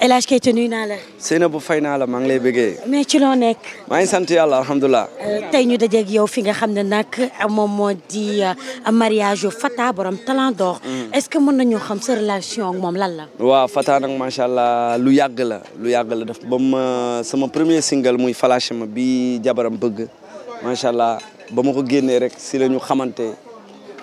El Hadj nuyu naa la. Seynabou fay naa la maa ngi lay bëggee. mais ci loo nekk. maa sant yàlla alhamdulilah. Euh, tey ñu dajeeg yow fi nga xam ne nag moom moo di euh, mariage yu Fata borom talent d'or. Mm. est-ce que mën nañoo xam sa relation moom lan la. waaw Fata nag macha allah lu yàgg la lu yàgg la daf ba ma sama premier single muy Falashima bi jabaram bëgg macha allah ba ma ko génnee rek si la ñu xamante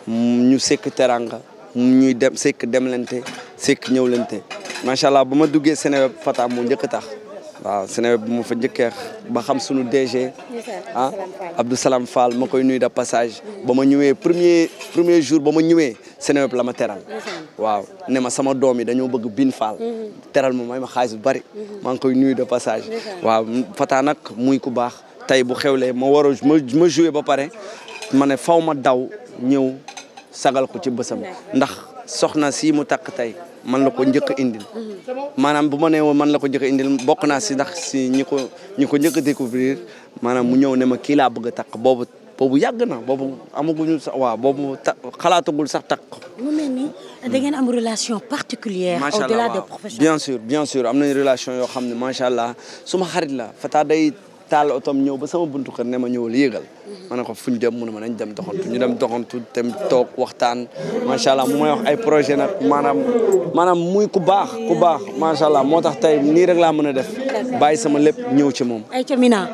mm, ñu sekk teranga ñuy dem sekk demlante sekk ñëwlante. macha allah ba ma duggee Seneweb Fata mu njëkk tax waaw Seneweb bu ma fa njëkkee ba xam sunu DG ah Abdou Salam Fall ma koy nuyu de passage ba ma ñëwee premier premier jour ba ma ñëwee Seneweb la ma teral waaw ne ma sama doom yi dañoo bëgg Bine Fall teral ma may ma xaalis bu bari maa ngi koy nuyu de passage waaw Fata nag muy ku baax tey bu xewlee ma war a ma joué ba pare ma ne faw ma daw ñëw sagal ko ci bësam ndax soxna si mu takk tey man la ko njëkk indil maanaam bu ma nee woon man la ko njëkk indil bokk naa si ndax si ñi ko ñi ko njëkk découvrir maanaam mu ñëw ne ma kii laa bëgg a takk boobu boobu yàgg na boobu amaguñu sax waa boobu ta xalaatagul sax takk bi mel ni da ngeen am relation particulière au delà de professionnel am nañ relation yoo xam ne macha allah suma xarit la Fata day taal ñëw ba sama buntu kër ne ma ñëwal yéegal ma ne ko fu dem mu ma nañ dem doxantu ñu dem doxantu dem toog waxtaan macha allah mu may wax ay projet nag maanaam maanaam muy ku baax ku baax macha allah moo tax tey nii rek laa mën a def bàyyi sama lépp ñëw ci moom. ay terminal.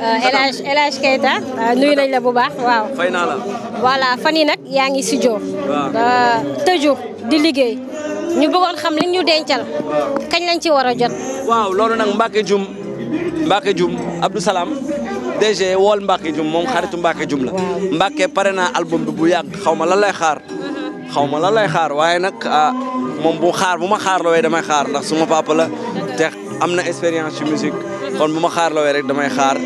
Euh, El Hadj El Hadj Keita euh, nuyu nañ la bu baax waaw. fay naa nag yaa ngi si waaw euh, toujours di liggéey. ñu bëggoon xam li ñu dencal. kañ lañ ci war a jot. waaw loolu nag Mbacke Dioum Mbacke Dioum Abdou salaam DG wool Mbacke Dioum moom ah. xaritu Mbacke Dioum la Mbacke pare na album bi bu yàgg xaw ma lan lay xaar xaw ma lan lay xaar waaye nag ah moom bu xaar bu ma xaar looy damay xaar ndax suma papa te am na expérience ci musique kon bu ma xaar looy rek damay xaar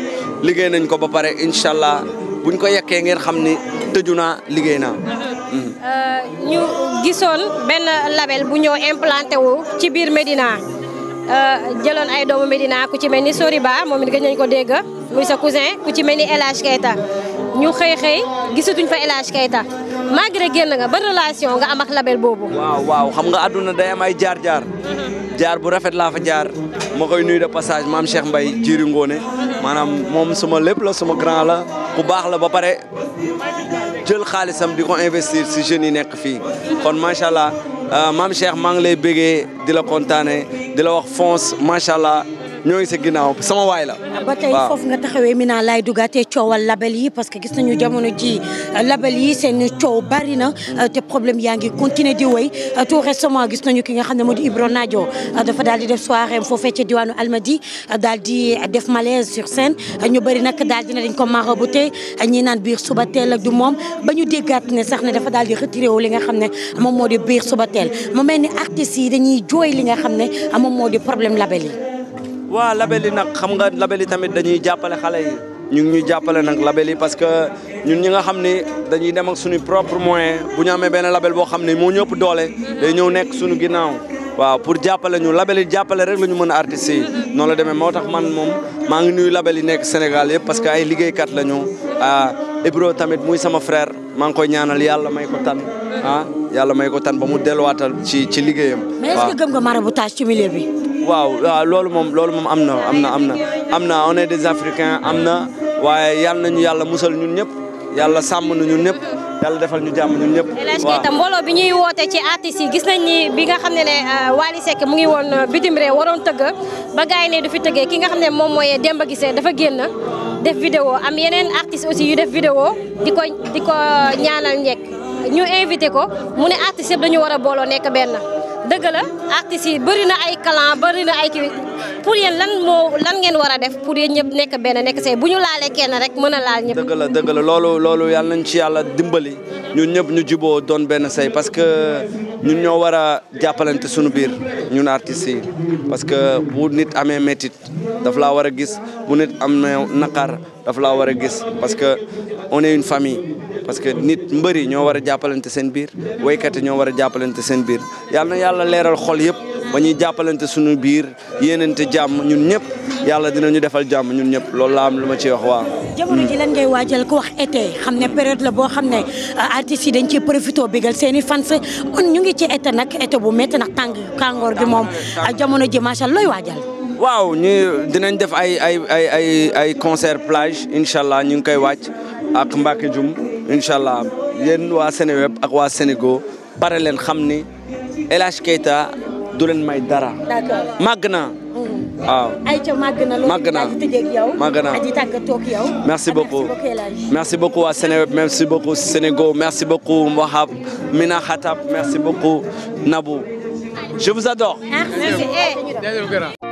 liggéey nañ ko ba pare incha allah buñ ko yekkee ngeen xam ni tëju naa liggéey naa. Mm-hmm. Euh, ñu gisoon benn label bu ñëw implanté ci biir Medina. Euh, jëloon ay doomu Medina ku ci mel ni Soriba moom it gëj nañ ko dégg muy sa cousin ku ci mel ni El Hadj Keita ñu xëy xëy gisatuñ fa El Hadj Keita malgré génn nga ba relation nga am label boobu. waaw xam nga àdduna day am ay jaar jaar. Mhm. jaar bu rafet laa fa jaar ma koy nuyu de passage maam Cheikh Mbaye jiri ngoone mhm. maanaam moom suma lépp la suma grand la bu baax la ba pare jël xaalisam di ko investir si jeunes yi nekk fii mhm. kon macha allah euh, maam Cheikh maa ngi lay bégee di la di la wax fonce macha allah ñoo ngi si ginnaaw sama waay la. waaw ba tey foofu nga taxawee mi naa laay dugaatee coowal label yi parce que gis nañu jamono ji euh, label yi seen coow bari na euh, te problème yaa ngi continuer di wéy euh, tout récemment gis nañu ki nga xam ne moo di Ibro Nadio dafa daal di def soirée foofee ca diwaanu Almadi daal di def malaise sur scène ñu bëri nag daal dina dañ ko marabouté ñi naan biir suba teel ak moom ba ñu déggaat ne sax ne dafa daal di retiré wu li nga xam ne moom moo di biir suba teel mu mel ni artistes yi dañuy jooy li nga xam ne moom moo di problème label yi. waa label yi xam nga label yi tamit dañuy jàppale xale yi ñu ngi ñuy jàppale nag label yi parce que ñun ñi nga xam ni dañuy dem ak suñu propre moyen bu ñu amee benn label boo xam ne moo ñëpp doole day ñëw nekk suñu ginnaaw waaw pour jàppale ñu label jàppale rek la ñu mën a artistes yi noonu la demee moo tax man moom maa ngi nuyu label yi nekk Sénégal yëpp parce que ay liggéeykat la ñu ah Ibro tamit muy sama frère maa ngi koy ñaanal yàlla may ko tan ah yàlla may ko ba mu delluwaatal ci ci liggéeyam. waaw waaw loolu moom loolu moom am na am na am na am na on est des africains am na waaye yal nañu yàlla musal ñun ñëpp yàlla sàmm na ñun ñëpp yàlla defal ñu jàmm ñun ñëpp. waaw El mbooloo bi ñuy woote ci artistes yi gis nañ ni bi nga xam ne ne euh, Wally Seck mu ngi woon euh, bitim réew waroon tëgg ba gars yi ne du fi tëggee ki nga xam ne moom mooy Demba gisee dafa génn def vidéo am yeneen artistes aussi yu def vidéo di ko di ko ñaanal njëkk ñu invité ko mu ne artistes yëpp dañu war a booloo nekk benn. dëgg la artistes yi bëri na ay clan bëri na ay kii pour yéen lan moo lan ngeen war a def pour yéen ñëpp nekk benn nekk see bu ñu laalee kenn rek mën a laal ñëpp. dëgg la dëgg la loolu loolu yàlla nañ ci yàlla dimbali ñu ñëpp ñu juboo doon benn say parce que ñun ñoo war a jàppalante suñu biir ñun artistes yi parce que bu nit amee métit daf laa war a gis bu nit am na naqar. daf la war a gis parce que on une famille parce que nit mbër yi ñoo war a jàppalante seen biir waykat yi ñoo war a jàppalante seen biir yàlla yàlla leeral xol yëpp ba ñuy jàppalante suñu biir yéenante jàmm ñun ñëpp yàlla ñu defal jàmm ñun ñëpp loolu laa am lu ma ci wax waaw. jamono ji lan ngay waajal ku wax été xam ne période la boo xam ne euh, artistes yi dañ ciy profité bégal seen i fans ñu ngi ci été nag été bu métti ndax tàng tàngoor bi moom jamono ji macha allah looy waaw ñu dinañ def ay ay ay ay ay concert plage incha allah ñu ngi koy wàcc ak Mbacke Dioum incha allah yéen waa Seneweb ak waa Senego pare leen xam ni El Hadj du leen may dara. d'accord màgg naa. Mm-hmm. waaw ayca màgg na loolu màgg naa màgg naa aji tàggatoo ak yow. Ah, merci beaucoup merci beaucoup waa Seneweb merci beaucoup Senego merci beaucoup Wahab Mina je vous adore. merci. Eh.